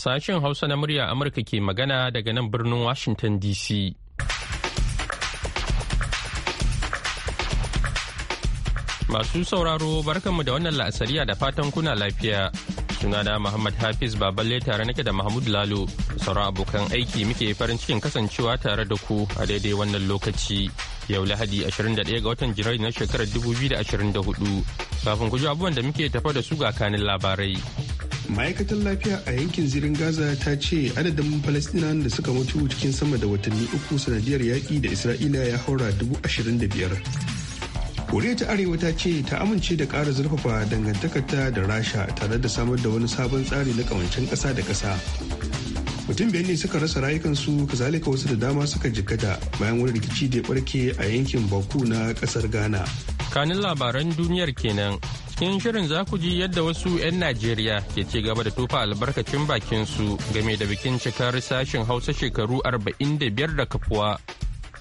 Sashen Hausa na murya Amurka ke magana daga nan birnin Washington DC. Masu sauraro barkanmu da wannan la'asariya da fatan kuna lafiya. Sunana Muhammad Hafiz Baballe tare nake da Mahmud Lalo. Sauran abokan aiki muke farin cikin kasancewa tare da ku a daidai wannan lokaci. Yau Lahadi 21 ga watan Jirai na shekarar 2024. Kafin ku ji abubuwan da muke tafa da su ga kanin labarai. ma'aikatar lafiya a yankin zirin gaza ta ce adadin falastinawan da suka mutu cikin sama da watanni uku sanadiyar yaƙi da isra'ila ya haura dubu ashirin da biyar koriya ta arewa ta ce ta amince da ƙara zurfafa dangantakarta da rasha tare da samar da wani sabon tsari na ƙawancen ƙasa da ƙasa mutum biyar ne suka rasa rayukansu kazalika wasu da dama suka jikkata bayan wani rikici da ya ɓarke a yankin baku na ƙasar ghana kanin labaran duniyar kenan cikin shirin za ku ji yadda wasu 'yan najeriya ke ci gaba da tufa albarkacin bakin su game da bikin cikar sashen hausa shekaru 45 da kafuwa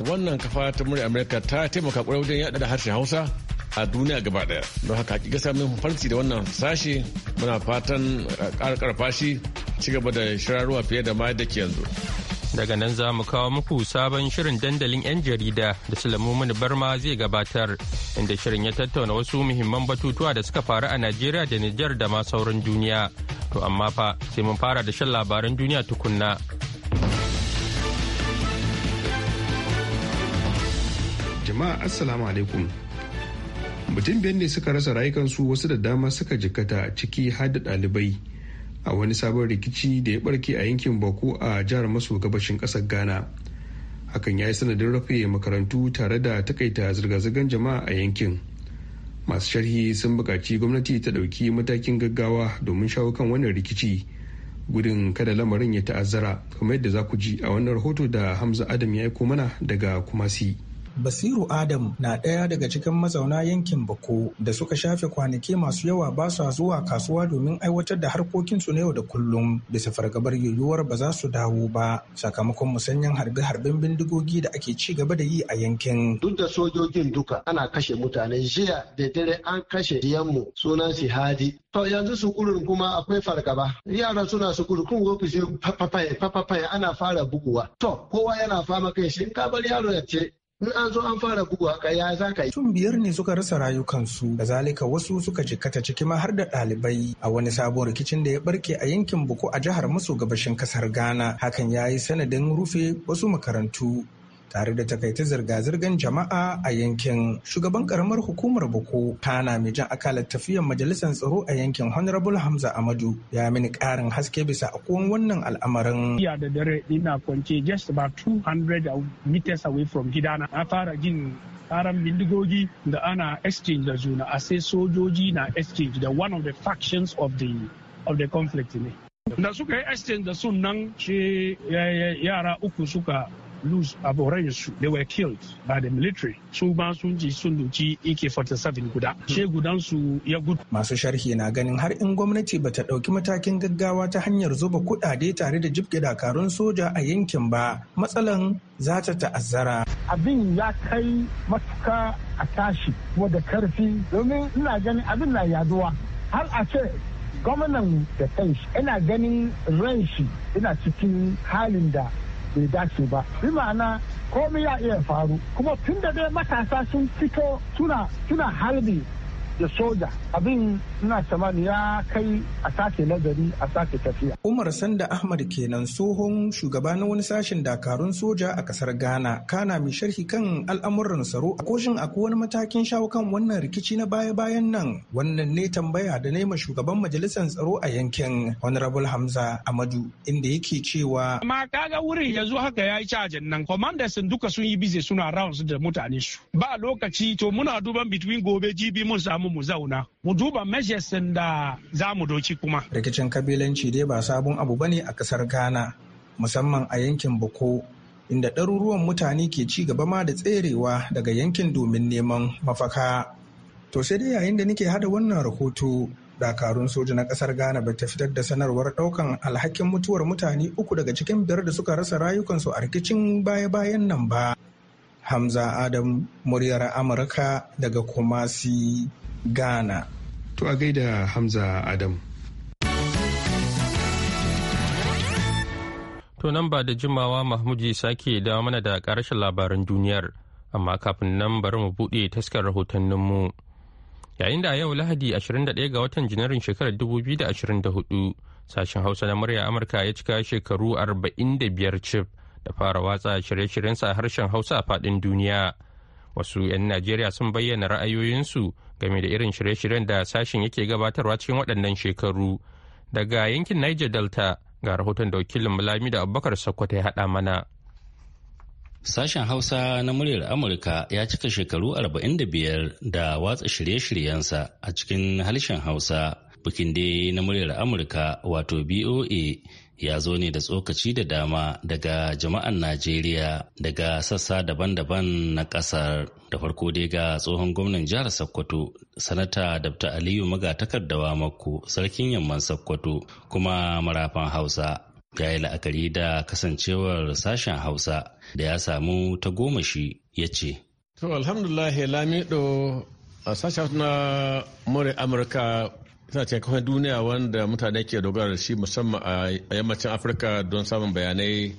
wannan kafa ta murya amurka ta taimaka kwarai wajen yada da harshen hausa a duniya gaba daya don haka gasa samun farci da wannan sashe muna fatan karfashi ci gaba da shirarwa fiye da ma yadda ke yanzu Daga nan za mu kawo muku sabon shirin dandalin 'yan jarida da mini Barma zai gabatar, inda shirin ya tattauna wasu muhimman batutuwa da suka faru a Najeriya da Nijar da ma sauran duniya. To amma fa sai mun fara da shan labaran duniya tukunna. Jama'a Assalamu alaikum. Mutum biyar ne suka rasa rayukansu wasu da dama suka jikkata ciki har da ɗalibai. a wani sabon rikici da ya barke a yankin boko a jihar maso gabashin kasar ghana hakan ya yi sanadin rufe makarantu tare da takaita zirga-zirgar jama'a a yankin masu sharhi sun buƙaci gwamnati ta ɗauki matakin gaggawa domin shawo kan wannan rikici gudun kada lamarin ya ta'azzara kamar yadda za ku ji a wannan rahoto da hamza adam ya aiko mana daga kumasi. Basiru Adam na ɗaya daga cikin mazauna yankin Bako da suka shafe kwanaki masu yawa ba sa zuwa kasuwa domin aiwatar da harkokinsu na yau da kullum bisa fargabar yiwuwar ba za su dawo ba sakamakon musanyen harbe-harben bindigogi da ake ci gaba da yi a yankin. Duk da sojojin duka ana kashe mutane jiya da dare an kashe diyanmu sunan shi Hadi. To yanzu sukurin kuma akwai fargaba. Yara suna sukuru kun ofisi papaye papaye ana fara buguwa. To kowa yana fama kai shi in ka bar yaro ya ce in an zo an fara bugu haka ya za ka yi. Tun biyar ne suka rasa rayukansu, da zalika wasu suka jikkata ciki ma har da ɗalibai a wani sabon rikicin da ya barke a yankin Boko a jihar maso gabashin kasar Ghana. Hakan ya yi sanadin rufe wasu makarantu tare da takaita zirga-zirgar jama'a a yankin shugaban karamar hukumar boko kana mai jan akalar tafiyar majalisar tsaro a yankin honorable hamza amadu ya mini karin haske bisa akwai wannan al'amarin ya da dare ina kwance just about 200 meters away from gidana na fara jin karan bindigogi da ana exchange da juna a sai sojoji na exchange da one of the factions of the of the conflict ne da suka yi exchange da sunan shi yara uku suka Lose of they were killed by the military su ma sun ji sun duci AK47 guda hmm. she gudansu ya gudu masu sharhi na ganin har in gwamnati ba ta ɗauki matakin gaggawa ta hanyar zuba kuɗaɗe tare da jibge dakarun soja a yankin ba matsalan za ta ta'azzara abin ya kai matuka a tashi wadda da karfi domin ina ganin abin na yaduwa har a ce gwamnan da kanshi ina ganin ran shi ina cikin halin da bai dace ba bi ma'ana komai ya iya faru kuma tun da dai matasa sun fito suna suna halbi da soja abin ina tsammani ya kai a sake nazari a sake tafiya. Umar Sanda Ahmad kenan tsohon shugaba na wani sashen dakarun soja a kasar Ghana kana mai sharhi kan al'amuran tsaro a koshin akwai wani matakin shawo kan wannan rikici na baya-bayan nan wannan ne tambaya da nema shugaban majalisar tsaro a yankin Honorable Hamza Amadu inda yake cewa. Amma kaga wurin yanzu haka ya yi cajin nan commanders duka sun yi bize suna rounds da mutane su ba lokaci to muna duban between gobe jibi mun samu samu mu zauna mu duba measures da za mu doki kuma. Rikicin kabilanci dai ba sabon abu bane a kasar Ghana musamman a yankin Boko inda ɗaruruwan mutane ke ci gaba ma da tserewa daga yankin domin neman mafaka. To sai dai yayin da nake hada wannan rahoto dakarun soja na kasar ghana ba ta fitar da sanarwar daukan alhakin mutuwar mutane uku daga cikin biyar da suka rasa rayukansu a rikicin baya-bayan nan ba hamza adam muryar amurka daga kumasi ghana to a gaida hamza adam to nan ba da jimawa mahmud isa ke dawo mana da ƙarshen labaran duniyar amma kafin nan bari mu buɗe taskar rahotanninmu yayin da a yau lahadi 21 ga watan janairun shekarar 2024 sashen hausa na murya amurka ya cika shekaru 45 cif da fara watsa shirye-shiryensa a harshen hausa a faɗin duniya wasu 'yan najeriya sun bayyana ra'ayoyinsu game da irin shirye-shiryen da sashen yake gabatarwa cikin waɗannan shekaru daga yankin niger delta ga rahoton da wakilin mulami da abubakar sokoto ya haɗa mana Sashen Hausa na muryar Amurka ya cika shekaru 45 da watsa shirye-shiryensa a cikin harshen Hausa. Bikin da na muryar Amurka wato BOA ya zo ne da tsokaci da dama daga jama'an Najeriya daga sassa daban-daban na ƙasar. Da farko dai ga tsohon gwamnan jihar Sokoto, Sanata Dr. Aliyu takardawa Makko, sarkin yamman Sokoto, kuma marafan Hausa. Ya yi la'akari da kasancewar sashen Hausa da ya samu ta goma shi ya ce. To alhamdulillah Lamido a sashen na Amurka suna cikin kawai duniya wanda mutane ke dogara da shi musamman a yammacin afirka don samun bayanai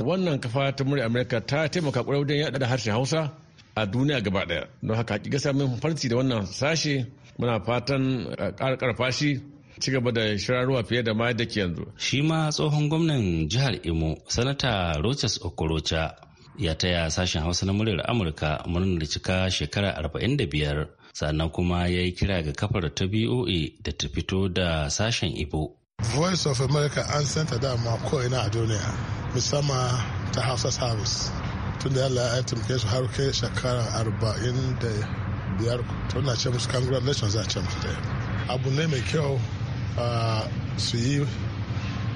wannan kafa ta murya amurka ta taimaka kwarai wajen yada da harshen hausa a duniya gaba daya don haka hakika samun farci da wannan sashe muna fatan ƙara ƙarfa shi ci gaba da shirarwa fiye da ma da ke yanzu. shi ma tsohon gwamnan jihar imo sanata rochas okorocha ya taya sashen hausa na muryar amurka murnar cika shekara 45 sannan kuma ya yi kira ga kafar ta BOA da ta fito da sashen Ibo. Voice of America an ta dama ko'ina a duniya musamman ta Hausa Service tun da Allah ya taimake su har kai shekara arba'in da biyar tun na ce musu congratulations za a ce musu da abu ne mai kyau su yi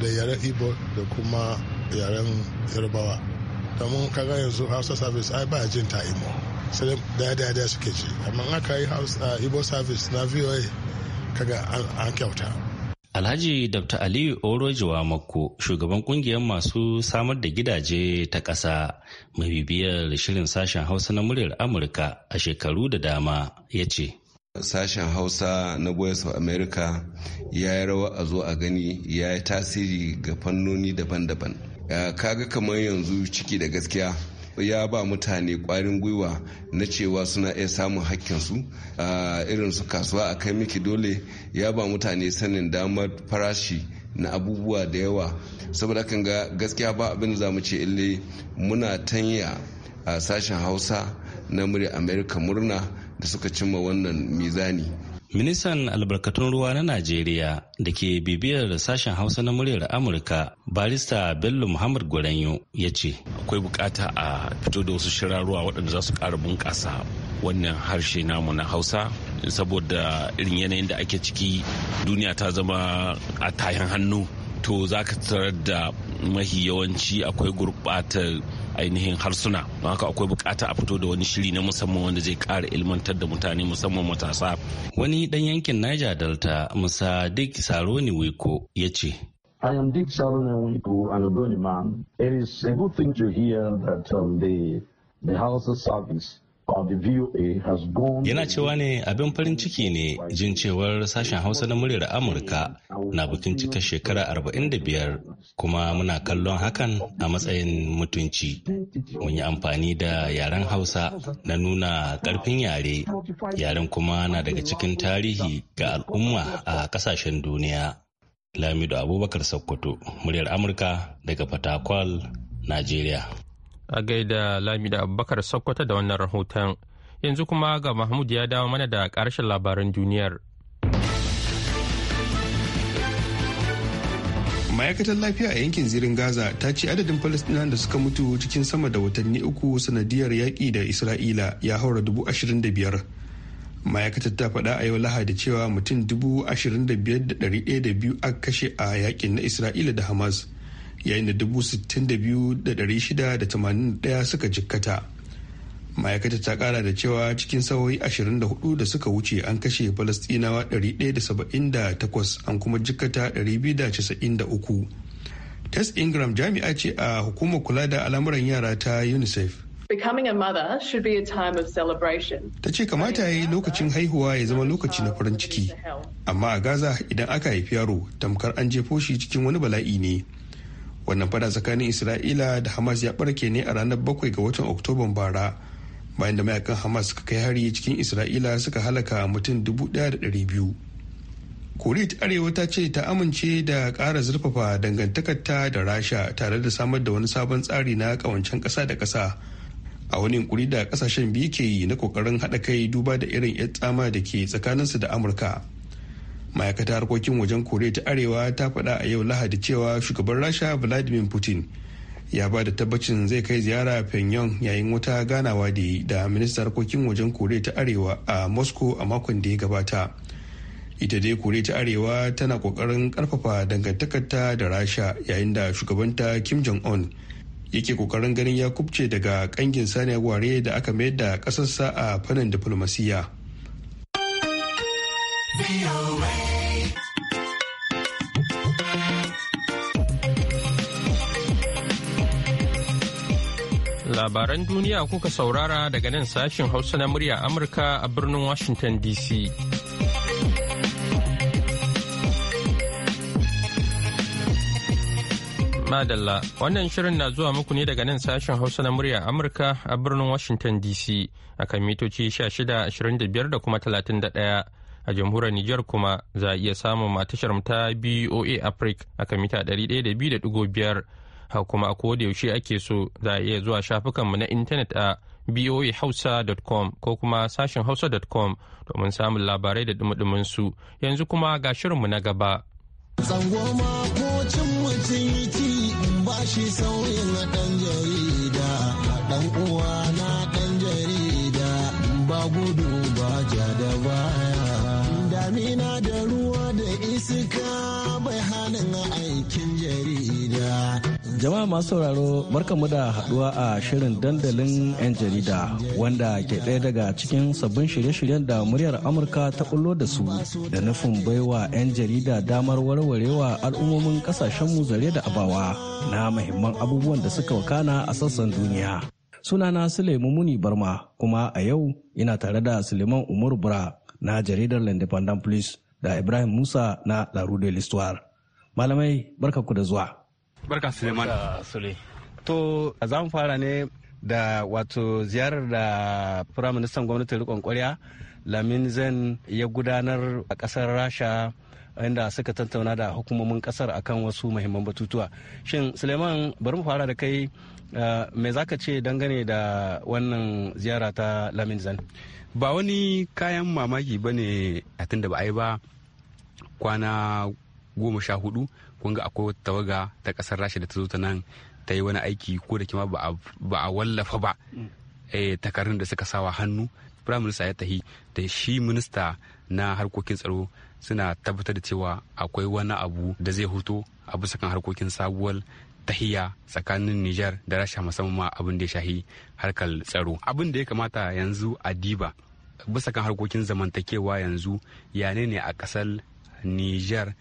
da yaren Ibo da kuma yaren Yarbawa domin kaga yanzu Hausa Service ai ba jin ta Imo. sai da da da suke ci amma aka yi uh, ibo service na voa kaga an kyauta Alhaji Dr. Aliyu Orojiwa Makko, shugaban kungiyar masu samar da gidaje ta ƙasa, mai bibiyar shirin sashen Hausa na muryar Amurka a shekaru da dama ya ce. Sashen Hausa na Voice of America ya yi rawa a zo a gani ya yi tasiri ga fannoni daban-daban. Uh, kaga kamar yanzu ciki da gaskiya ya ba mutane kwarin gwiwa na cewa suna iya samun hakkinsu irin su kasuwa a kai miki dole ya ba mutane sanin damar farashi na abubuwa da yawa saboda kan ga gaskiya ba abin da za mu ce ille muna tanya a sashen hausa na murya amerika murna da suka cimma wannan mizani Ministan albarkatun ruwa na Najeriya da ke bibiyar sashen Hausa na muryar Amurka, barista Bello Muhammad Gwaranyo ya ce. Akwai bukata a fito da wasu shirarwa waɗanda za su ƙara bunƙasa wannan harshe namu na Hausa saboda irin yanayin da ake ciki duniya ta zama a tayan hannu. To za ka tarar da mahi yawanci akwai gurɓatar ainihin harsuna don haka akwai bukata a fito da wani shiri na musamman wanda zai kara ilmantar da mutane musamman matasa wani dan yankin niger delta musa dik saroni wiko ya ce I am Dick Saroni Wiku, an Ogoni man. It is a good thing to hear that um, the, the House of Service Yana cewa ne abin farin ciki ne jin cewar sashen Hausa na muryar Amurka na bikin cika shekara 45 kuma muna kallon hakan a matsayin mutunci. Mun yi amfani da yaren Hausa na nuna ƙarfin yare, yaren kuma na daga cikin tarihi ga al'umma a ƙasashen duniya. Lamido Abubakar Sokoto, muryar Amurka daga Fatakwal, Najeriya. a gaida lamida abubakar sokoto da wannan rahoton yanzu kuma ga mahmud ya dawo mana da ƙarshen labaran duniyar ma'aikatar lafiya a yankin zirin gaza ta ce adadin falastinawan da suka mutu cikin sama da watanni uku sanadiyar yaƙi da isra'ila ya haura dubu ashirin da biyar ma'aikatar ta faɗa a yau lahadi cewa mutum dubu ashirin da biyar da ɗari ɗaya da biyu aka kashe a yaƙin na isra'ila da hamas yayin da 62,681 suka jikkata ma'aikata ta kara da cewa cikin sawoyi 24 da suka wuce an kashe falastinawa 178 an kuma jikkata uku. tess ingram jami'a ce a hukumar kula da al'amuran yara ta unicef Becoming a mother should be a time of celebration. Ta ce kamata ya yi lokacin haihuwa ya zama lokaci na farin ciki. Amma a Gaza idan aka haifi yaro tamkar an jefo shi cikin wani bala'i ne. wannan fada tsakanin isra'ila da hamas ya barke ne a ranar bakwai ga watan oktoban bara bayan da mayakan hamas suka kai hari cikin isra'ila suka halaka mutum dubu da biyu. arewa ta ce ta amince da ƙara zurfafa dangantakarta da rasha tare da samar da wani sabon tsari na ƙawancen ƙasa da ƙasa a wani yunkuri da ƙasashen biyu ke yi na ƙoƙarin haɗa kai duba da irin 'yan tsama da ke tsakaninsu da amurka ma'aikata harkokin wajen koriya ta arewa ta faɗa a yau lahadi cewa shugaban rasha vladimir putin ya ba da tabbacin zai kai ziyara pyongyang yayin wata ganawa da yi da ministan harkokin wajen koriya ta arewa a moscow a makon da ya gabata ita dai koriya ta arewa tana kokarin karfafa dangantakarta da rasha yayin da shugabanta kim jong un yake kokarin ganin ya kubce daga kangin saniya ware da aka mayar da kasarsa a fannin diflomasiyya. Labaran duniya kuka saurara daga nan sashin Hausa na murya Amurka a birnin Washington DC. Madalla, wannan shirin na zuwa muku ne daga nan sashen Hausa na murya Amurka a birnin Washington DC a kan mitoci 1625 da kuma 31 a jamhuriyar Nijar kuma za a iya samun matashar ta BOA Africa a kan mita 102.5 haka kuma a yaushe ake so za a iya zuwa shafukanmu na intanet a boahausa.com ko kuma sashen hausa.com domin samun labarai da dumudumin su yanzu kuma ga shirinmu na gaba. Tsangwama ko cin mutunci ba shi sauyin ɗan jarida, ɗan uwa na ɗan jarida ba gudu ba ja da baya. Damina da ruwa da iska bai halin aikin jarida. Jama'a masu sauraro barkamu da haduwa a shirin dandalin 'yan jarida wanda ke ɗaya daga cikin sabbin shirye-shiryen da muryar Amurka ta kullo da su da nufin baiwa 'yan jarida damar warwarewa al'ummomin mu zare da abawa na mahimman abubuwan da suka wakana a sassan duniya. Sunana Suleiman Muni Barma kuma a yau ina tare da Suleiman Umar Bura na jaridar L'Independent Police da Ibrahim Musa na La Rue Malamai barka ku da zuwa. barka suleiman to za mu fara ne da wato ziyarar da firaministan gwamnatin rikon kwarya lamin zen ya gudanar a kasar rasha inda suka tattauna da hukumomin kasar akan wasu muhimman batutuwa shin suleiman bari mu fara da kai eh, mai zaka ce dangane da wannan ziyara ta lamin zen ba wani kayan mamaki ba ne a tun da ba a yi ba kwana goma sha hudu kun ga akwai wata tawaga ta kasar rasha da ta zo ta nan ta yi wani aiki ko da kima ba a wallafa ba eh, takarun da suka sawa hannu firayim minista ya tahi da shi minista na harkokin tsaro suna tabbatar da cewa akwai wani abu da zai huto a bisa kan harkokin sabuwar tahiya tsakanin Nijar da Rasha musamman ma abin da ya shahi harkar tsaro. Abin da ya kamata yanzu a diba bisa kan harkokin zamantakewa yanzu ya ne a kasar Nijar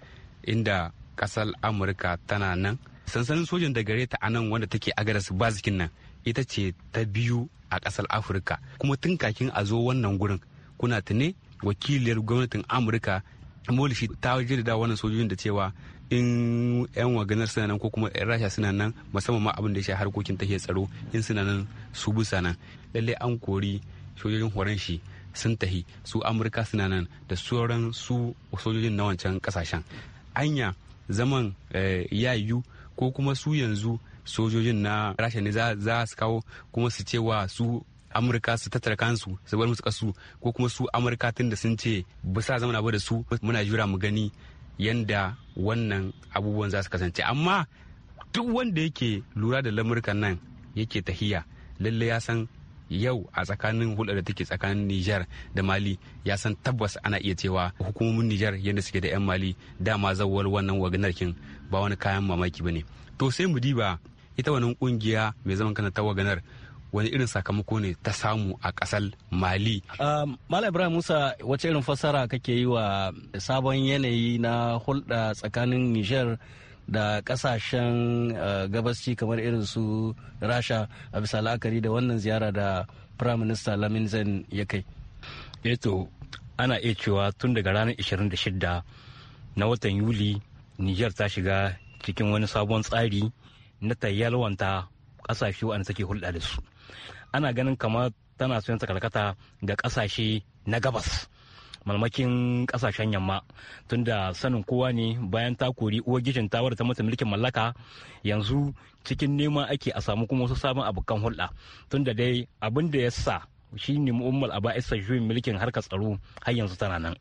inda kasar amurka tana nan sansanin sojan da gare ta nan wanda take agaras bazikin nan ita ce ta biyu a kasar afirka kuma tun kakin a zo wannan gurin kuna tune wakiliyar gwamnatin amurka molishi ta da wannan sojojin da cewa in 'yan waganar suna nan ko kuma 'yan rasha suna nan musamman ma abin da ya sha harkokin tahiyar tsaro in suna nan su busa nan lalle an kori sojojin horon shi sun tahi su amurka suna nan da sauran su sojojin na wancan kasashen anya zaman eh, ya yiwu ko kuma su yanzu sojojin na rasha ne za su kawo kuma su ce wa su amurka su tattara kansu su bar musu kasu ko kuma su amurka tun da sun ce ba sa zama ba da su muna jura mu gani yanda wannan abubuwan za su kasance amma duk wanda yake lura da lamurkan nan yake tahiya lalle ya san yau a tsakanin hulɗar da take tsakanin Nijar da Mali ya san tabbas ana iya cewa hukumomin Nijar yadda suke da 'yan Mali dama zawar wannan waganarkin ba wani kayan mamaki ba ne. To sai mu diba ita wannan kungiya mai zaman kanta ta waganar wani irin sakamako ne ta samu a kasar mali ah, malam ibrahim musa wace irin fassara kake yi wa sabon yanayi na hulɗa tsakanin nijar. da kasashen eh, gabasci kamar irin su rasha a bisa la'akari da wannan ziyara da prime minister lamin zen ya kai eto eh ana iya cewa tun daga ranar 26 na watan yuli niger ta shiga cikin wani sabon tsari na tayyalwanta kasashe wa take hulɗa da su ana ganin kamar tana son ta karkata ga kasashe na gabas malmakin kasashen yamma tunda sanin kowa ne bayan ta kori uwar gijin ta wadda mata mulkin mallaka yanzu cikin nema ake a samu kuma wasu sabon abokan hulɗa tunda dai abin da ya sa shi ne mu'ummal a ba'isar juyin mulkin harkar tsaro har yanzu tana nan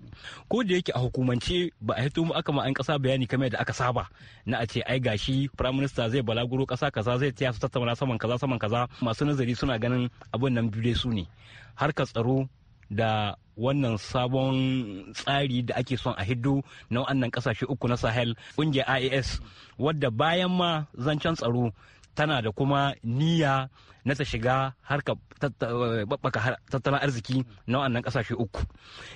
ko da yake a hukumance ba a hito mu aka ma an kasa bayani kamar da aka saba na a ce ai gashi prime minister zai balaguro kasa kaza zai taya su tattauna saman kaza saman kaza masu nazari suna ganin abin nan biyu su ne harkar tsaro da wannan sabon tsari da ake son a hiddu na wannan kasashe uku na sahel ƙungiyar ias wadda bayan ma zancen tsaro tana da kuma niyya na ta shiga harka eh, babbaka tattalin arziki na wannan kasashe uku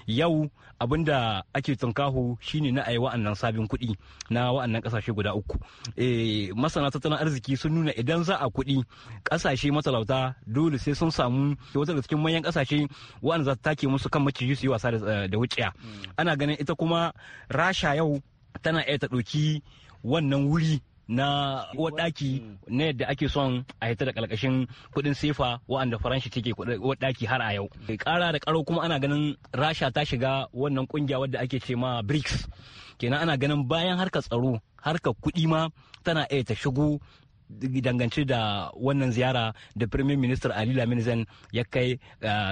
yau abin da ake tunkahu shine na ayi wa'annan sabin kuɗi na wa'annan kasashe guda uku eh, masana tattalin arziki sun nuna idan za a kuɗi kasashe matalauta dole sai sun samu wata da cikin manyan kasashe wa'anda za ta take musu kan maciji su yi wasa da eh, wuciya hmm. ana ganin ita kuma rasha yau tana iya ta ɗauki wannan wuri na wadaki na yadda ake son a hita da kalkashin kudin sefa wa'anda faranshi take wadaki har a yau kara da karo kuma ana ganin rasha ta shiga wannan kungiya wadda ake ce ma brics kenan ana ganin bayan harkar tsaro harkar kuɗi ma tana iya ta shigo dangance da wannan ziyara da Premier Minister Ali Lamin zan ya kai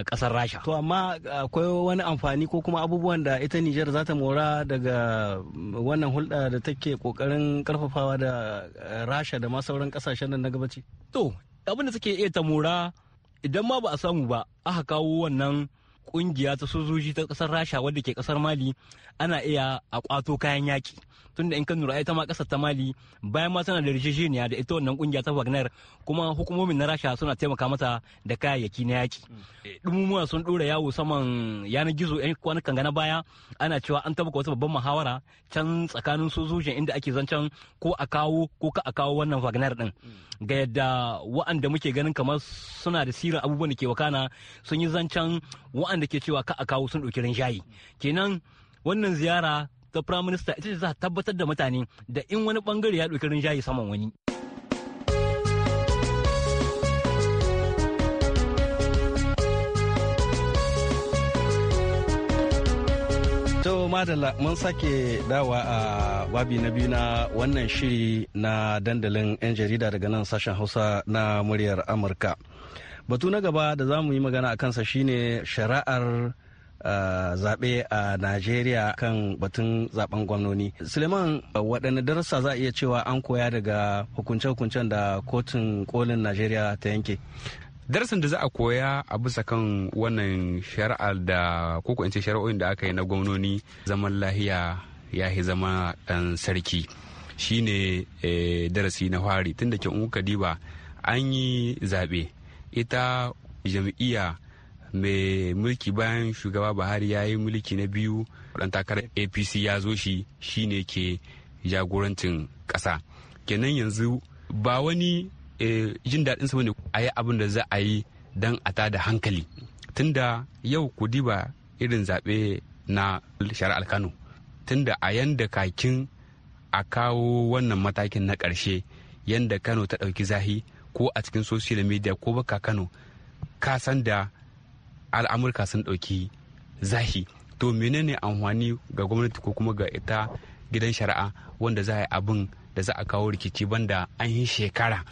kasar uh, Rasha. To amma akwai wani amfani ko kuma abubuwan da ita Nijar za ta mora daga wannan hulɗa da take kokarin karfafawa da uh, Rasha da ma sauran kasashen nan na gabaci. To abin da take iya ta mora idan ma ba a samu ba aka kawo wannan kungiya ta sojoji ta kasar rasha wadda ke kasar mali ana iya a kwato kayan yaki tunda in ka nura ita ma kasar ta mali bayan ma tana da rijijiniya da ita wannan kungiya ta wagner kuma hukumomin na rasha suna taimaka mata da kayayyaki na yaki mm. eh. dumumuwa sun dora yawo saman yanar gizo yan kwanukan gana baya ana cewa an tabbaka wata babban muhawara can tsakanin sojojin inda ake zancen ko a kawo ko ka a kawo wannan wagner din mm. ga yadda wa'anda muke ganin kamar suna da sirin abubuwan da ke wakana sun yi zancen wa'anda waɗanda ke cewa ka a kawo sun ɗauki rinjayi kenan wannan ziyara ta prime minister ita ce za a tabbatar da mutane da in wani bangare ya ɗauki rinjayi saman wani to madalla mun sake dawa a babi na biyu na wannan shiri na dandalin 'yan jarida daga nan sashen hausa na muryar amurka batu na gaba da za mu yi magana a kansa shine shari'ar uh, zaɓe a najeriya kan batun zaben gwamnoni suleiman waɗanne darasa za a iya cewa an koya daga hukunce-hukuncen da kotun kolin najeriya ta yanke darasin da za a koya a bisa kan wannan shari'ar da koko in ce shari'o'in da aka yi na gwamnoni zaman lahiya ya yi zama ɗan sarki shine eh, darasi na fari tun da ke diba an yi zaɓe ita jam'iyya mai mulki bayan shugaba buhari ya yi mulki na biyu ɗan takarar apc ya zo shi shine ke jagorancin ƙasa kenan yanzu ba wani eh, jin daɗin sa ne a yi abin da za a yi don a tada hankali tunda yau ku diba irin zaɓe na shari'ar kano tunda a yanda kakin a kawo wannan matakin na ƙarshe yanda kano ta ɗauki zahi ko a cikin social media ko baka kano ka san da al'amurka sun ɗauki zahi to menene amfani ga gwamnati ko kuma ga ita gidan shari'a wanda za a yi abin da za a kawo rikici banda an yi shekara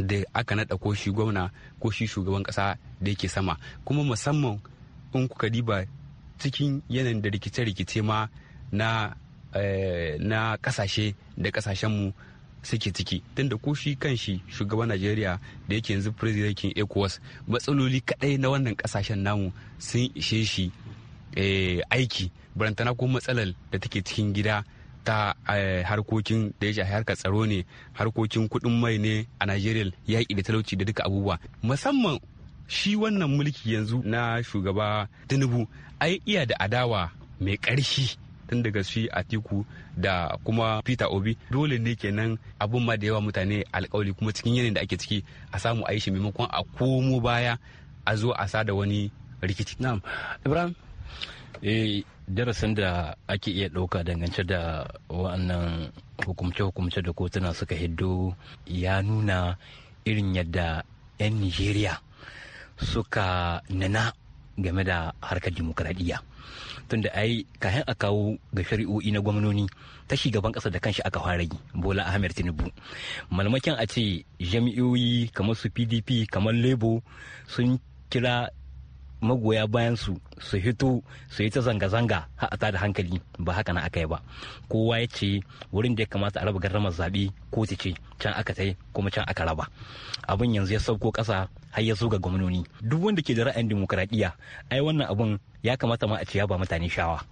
da aka naɗa ko shi gwamna ko shi shugaban ƙasa da yake sama kuma musamman in kuka diba cikin yanayin da rikice-rikice ma na eh, na ƙasashe da ƙasashenmu suke ciki tun da ko shi kan shi shugaban najeriya da yake yanzu firizidakin ecowas matsaloli kadai na wannan kasashen namu sun ishe shi eh, aiki barantana ko matsalar da take cikin gida ta eh, harkokin da ya shafi harkar tsaro ne harkokin kudin mai ne a najeriya yaƙi da talauci da duka abubuwa musamman shi wannan mulki yanzu na shugaba tinubu ai iya da adawa mai ƙarfi tun daga shi atiku da kuma peter obi dole ne kenan abun ma da yawa mutane alkawali kuma cikin yanayin da ake ciki a samu aishi maimakon a komo baya a zo a sada wani rikici na'am ibrahim e darasin da ake iya ɗauka dangance da wannan hukumce-hukumce da kotuna suka hiddo ya nuna irin yadda 'yan nigeria suka nana game da harkar dimokuraɗiyya tunda ai kayan a kawo ga shari'o'i na gwamnoni ta shugaban ƙasa da kanshi aka fara yi bola ahmed tinubu malmakin a ce jami'oyi kamar su pdp kamar lebo sun kira magoya bayan su su hito su yi ta zanga-zanga haɗa da hankali ba haka na aka yi ba kowa ya ce wurin da ya kamata a raba garramar zaɓe ko ta ce can aka tai kuma can aka raba abin yanzu ya sauko ƙasa har ya zo ga gwamnoni duk wanda ke da ra'ayin dimokuraɗiyya ai wannan abun ya kamata ma a ce ba mutane shawa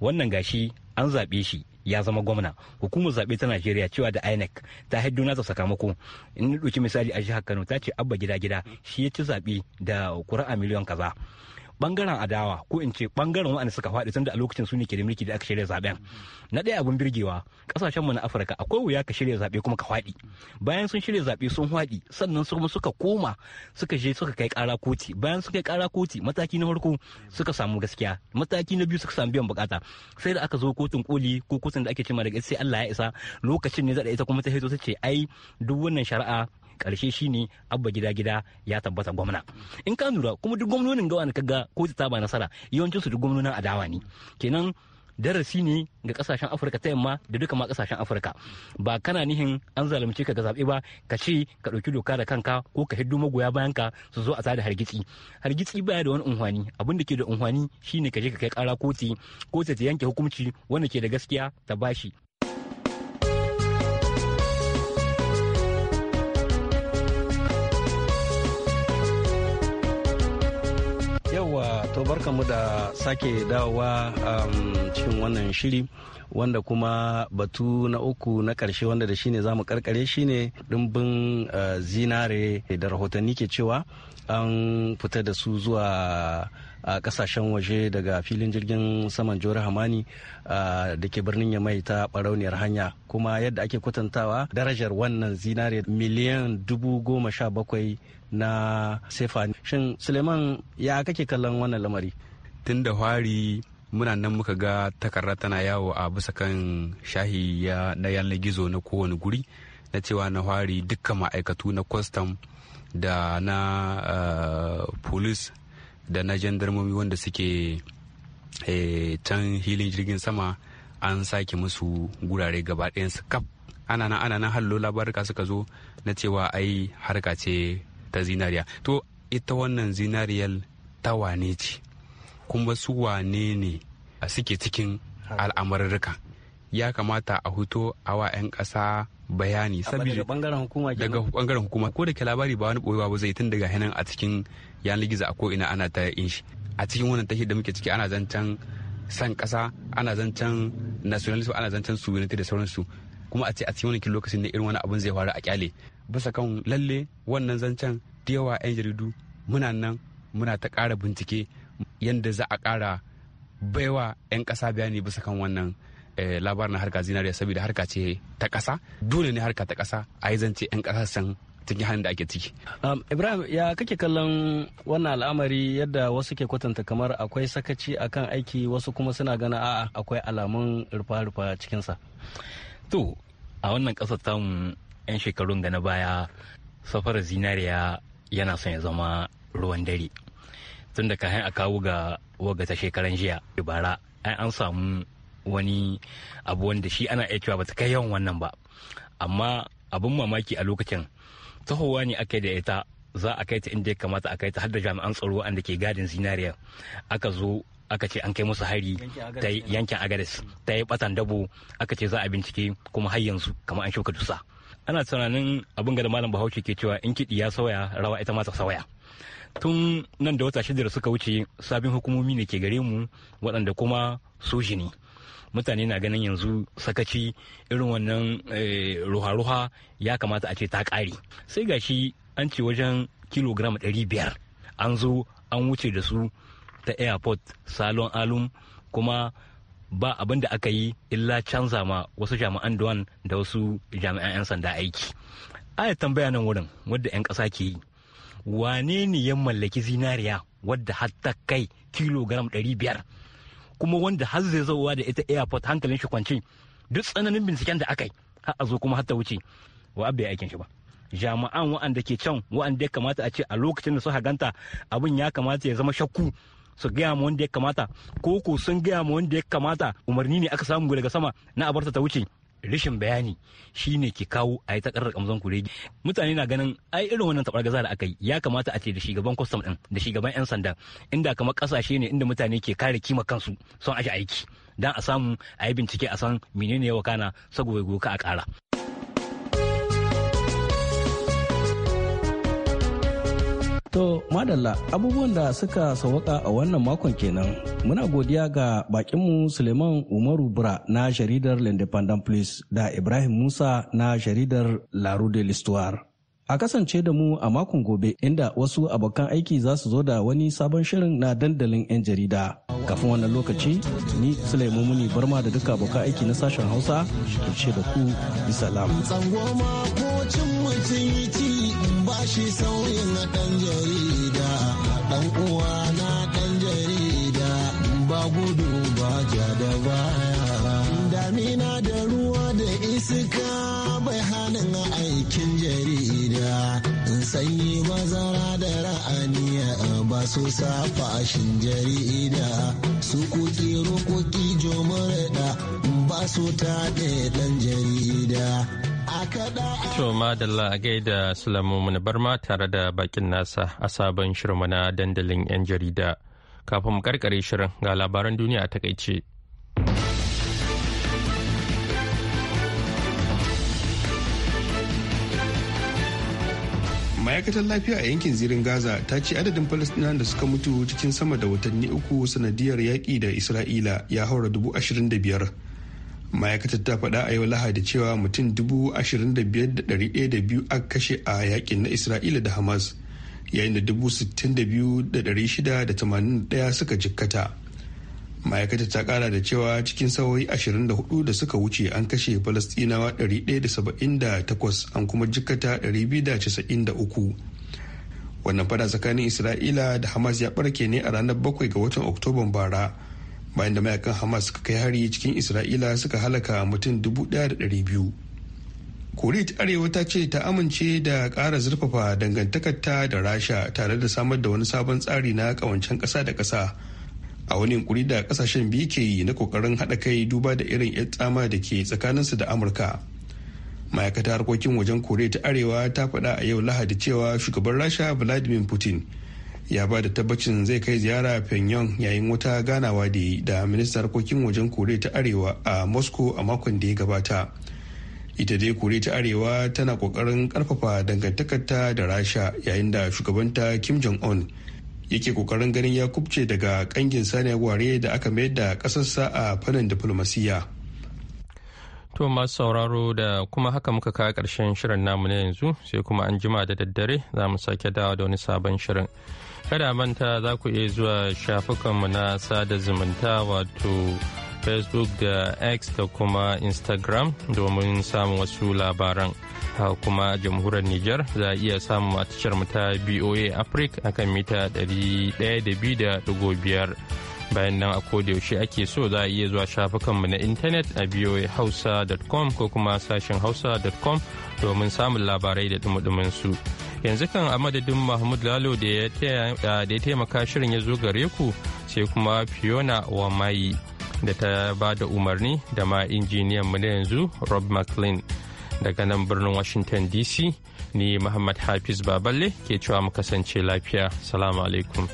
wannan gashi an zaɓe shi ya zama gwamna hukumar zaɓe ta najeriya cewa da inec ta haiddo ta sakamako in ɗauki misali a jihar kano ta ce abba gida gida shi ya ci zaɓe da ƙuri'a miliyan kaza bangaren adawa ko in ce bangaren waɗanda suka faɗi tunda a lokacin su ne ke da mulki da aka shirya zaben na ɗaya abun birgewa kasashen mu na afirka akwai wuya ka shirya zaɓe kuma ka faɗi bayan sun shirya zaɓe sun faɗi sannan su kuma suka koma suka je suka kai ƙara koti bayan suka kai ƙara koti mataki na farko suka samu gaskiya mataki na biyu suka samu biyan bukata sai da aka zo kotun koli ko kotun da ake cima daga sai Allah ya isa lokacin ne za da ita kuma ta hito ta ce ai duk wannan shari'a karshe shi ne abba gida gida ya tabbata gwamna in ka lura kuma duk gwamnonin gawa ka ga ko ta ba nasara yawancin su duk gwamnonin adawa ne kenan darasi ne ga kasashen afirka ta yamma da duka ma kasashen afirka ba kana nihin an zalunci ka ga zaɓe ba ka ce ka ɗauki doka da kanka ko ka hiddo magoya bayan ka su zo a tsada hargitsi hargitsi baya da wani unhwani abin da ke da unhwani shine ka je ka kai kara koti ko ta yanke hukunci wanda ke da gaskiya ta bashi to mu da sake dawowa um, cikin wannan shiri wanda kuma batu na uku na karshe wanda da shine zamu karkare shine dimbin uh, zinare da rahotanni ke cewa an fita da su zuwa a uh, kasashen waje daga filin jirgin saman jori hamani uh, da ke birnin yamai ta barauniyar hanya kuma yadda ake kwatantawa darajar wannan zinare miliyan dubu goma sha bakwai na sefani shin suleiman ya kake kallon wannan lamari tun da hwari muna nan muka ga takarda tana yawo a bisa kan shahi na yanar gizo na kowane guri na cewa na hwari dukkan ma'aikatu na kwastam da na eh, polis da na jandarmomi wanda suke eh, can hilin jirgin sama an sake musu gurare gaba su kaf ana nan ana nan hallo labaruka suka zo na cewa ai harka ce ta zinariya to ita wannan zinariyar ta wane ce kuma su wane ne suke cikin al'amarurruka ya kamata a huto awa 'yan ƙasa bayani daga bangaren hukuma ko da ke labari ba wani boyewa ba zai tun daga hannun a cikin yanar gizo a ko ina ana ta yin shi a cikin wannan tashi da muke ciki ana zancen san kasa ana zancen nationalism ana zancen sovereignty da sauransu kuma a ce a cikin wani lokacin ne irin wani abun zai faru a kyale bisa kan lalle wannan zancen da yawa 'yan jaridu muna nan muna ta ƙara bincike yadda za a ƙara baiwa 'yan ƙasa bayani bisa kan wannan eh, labarin na harka zinariya saboda harka ce ta ƙasa dole ne harka ta ƙasa a yi zance 'yan ƙasa san cikin hannun da ake ciki. Um, Ibrahim ya kake kallon wannan al'amari yadda wasu ke kwatanta kamar akwai sakaci akan aiki wasu kuma suna gana a'a akwai alamun rufa-rufa cikinsa. to a wannan ƙasar tamu 'yan shekarun da na baya safarar zinariya yana son ya zama ruwan dare tun da kayan a kawo ga waga ta shekaran jiya bara an samu wani abu wanda shi ana iya cewa ta kai yawan wannan ba amma abin mamaki a lokacin tahowa ne aka da ita za a kai ta inda ya kamata a kai ta har da jami'an tsaro wanda ke gadin zinariya aka zo aka ce an kai musu hari ta yankin agares ta yi batan dabo aka ce za a bincike kuma har yanzu kamar an shuka dusa ana tunanin abin da malam bahaushe ke cewa in kiɗi ya sauya rawa ita ma ta sauya tun nan da wata shida da suka wuce sabin hukumomi ne ke gare mu waɗanda kuma soji ne mutane na ganin yanzu sakaci irin wannan eh, ruha-ruha ya kamata a ce ta ƙare sai gashi an ce wajen kilogram 500 an zo an wuce da su ta airport salon alum kuma ba abin da aka yi illa canza ma wasu jami'an duwan da wasu jami'an 'yan sanda aiki aya tambaya nan wurin wadda 'yan ƙasa ke yi wane ne ya mallaki zinariya wadda hatta kai kilogram 500 kuma wanda har zai zauwa da ita airport hankalin shi kwanci duk tsananin binciken da aka yi har a zo kuma hatta wuce wa abu ya aikin shi ba jami'an wa'anda ke can wa'anda ya kamata a ce a lokacin da suka ganta abin ya kamata ya zama shakku su gaya mu wanda ya kamata ko ko sun gaya mu wanda ya kamata umarni ne aka samu daga sama na abarta ta wuce rashin bayani shine ke kawo a yi takarar kamzon kuregi mutane na ganin ai irin wannan tabar gaza da aka yi ya kamata a ce da shugaban kwastam din da shugaban yan sanda inda kamar kasashe ne inda mutane ke kare kima kansu son aji aiki dan a samu a yi bincike a san menene ya wakana saboda goka a kara To madalla abubuwan da suka sawaka a wannan makon kenan muna godiya ga bakinmu Suleiman Umaru Bura na jaridar L'Independent Police da Ibrahim Musa na jaridar La Rue de l'Histoire. A kasance da mu a makon gobe inda wasu abokan aiki za su zo da wani sabon shirin na dandalin 'yan jarida. Kafin wannan lokaci, ni Suleiman Muni Barma da duka abokan aiki na sashen Hausa, ke da ku, shi sauyin ɗan jarida ɗan uwa na ɗan jarida ba gudu ba ja da baya damina da ruwa da iska bai hannun aikin jarida sanyi mazara da ra'aniya ba su safa shin jarida su kuki rukuki jomar da ba su taɗe ɗan jarida To madalla a gaida Sulaimu barma tare da bakin nasa a sabon shirinmu na dandalin 'yan jarida. Kafin mu karkare shirin ga labaran duniya a takaice. ma'aikatar lafiya a yankin zirin gaza ta ce adadin falastinawan da suka mutu cikin sama da watanni uku sanadiyar yaƙi da isra'ila ya haura dubu ashirin da biyar ma'aikatar ta faɗa a yau lahadi cewa mutum dubu ashirin da biyar da ɗari ɗaya da biyu aka kashe a yakin na isra'ila da hamas yayin da dubu sittin da biyu da ɗari shida da tamanin ɗaya suka jikkata ma'aikatar ta ƙara da cewa cikin sawoyi ashirin da hudu da suka wuce an kashe falastinawa ɗari ɗaya da saba'in da takwas an kuma jikkata ɗari biyu da casa'in da uku wannan fada tsakanin isra'ila da hamas ya ɓarke ne a ranar bakwai ga watan oktoban bara bayan da mayakan hamas suka kai hari cikin isra'ila suka halaka mutum 1,200 koriya ta arewa ta ce ta amince da kara zurfafa dangantakarta da rasha tare da samar da wani sabon tsari na kawancen kasa da kasa. a wani yankuri da kasashen biyu ke yi na kokarin haɗa kai duba da irin 'yan tsama da ke tsakaninsu da amurka ma'aikatar harkokin wajen korea ta arewa ta faɗa a yau lahadi cewa shugaban rasha vladimir putin ya ba da tabbacin zai kai ziyara pyongyang yayin wata ganawa da yi da ministan harkokin wajen koriya ta arewa a moscow a makon da ya gabata ita dai koriya ta arewa tana kokarin karfafa dangantakarta da rasha yayin da shugabanta kim jong un yake kokarin ganin ya kubce daga kangin sani ware da aka mayar da kasarsa a fannin diflomasiyya. To masu sauraro da kuma haka muka kawo karshen shirin namu na yanzu sai kuma an jima da daddare za mu sake dawa da wani sabon shirin. kada manta za ku iya zuwa shafukanmu na sada zumunta wato facebook da x da kuma instagram domin samun wasu labaran kuma jamhuriyar niger za a iya samun a tashar ta boa africa akan mita 102.5 bayan nan a yaushe ake so za a iya zuwa shafukanmu na intanet a hausa.com ko kuma sashen hausa.com domin samun labarai da dumudumin su. yanzu kan a madadin mahmud lalo da ya taimaka shirin ya zo gare ku sai kuma fiona wa mai da ta ba da umarni da ma injiniyan mu na yanzu rob mclean daga nan birnin washington dc ni muhammad hafiz baballe ke cewa mu kasance lafiya salamu alaikum